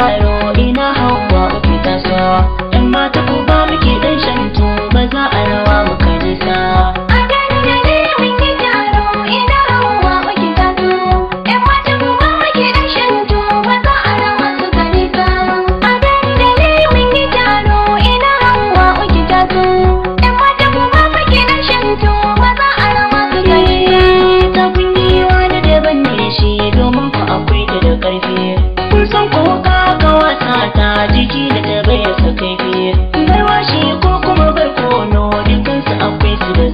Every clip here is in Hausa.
Claro.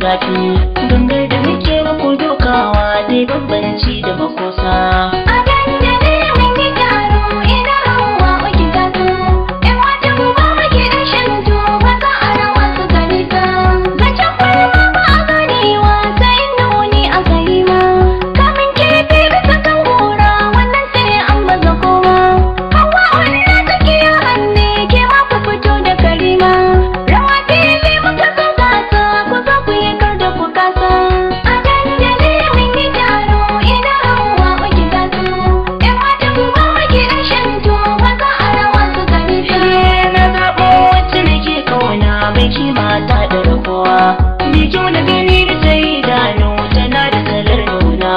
zafi gangar da muke ku dukawa zai bambanci da mai kyau na gani da ta yi tana da salar nuna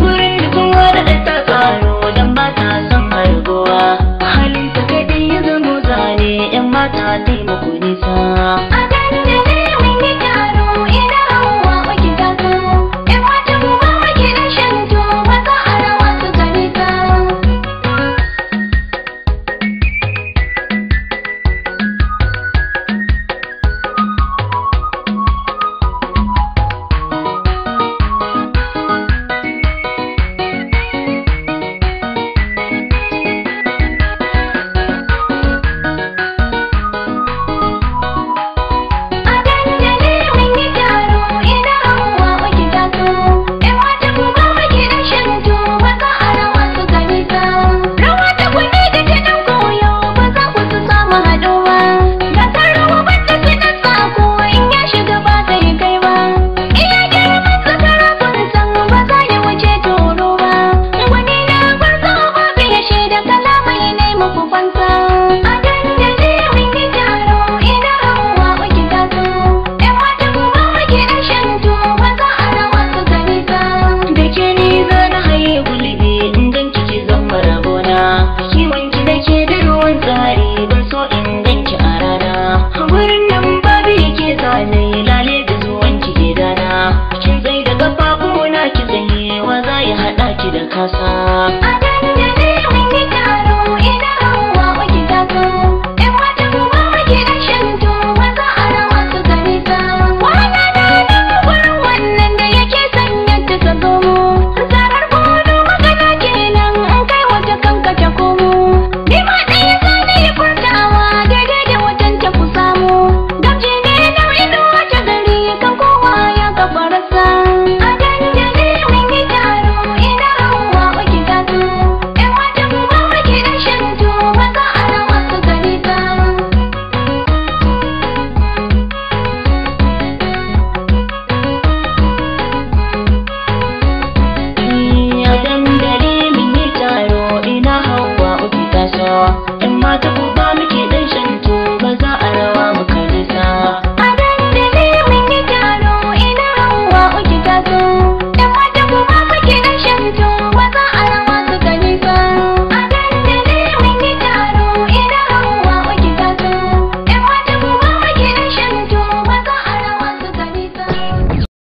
gurin da kowa da ta karo don ba ta son hargowa halin ta kai ya zamo zane yan mata taimako nisa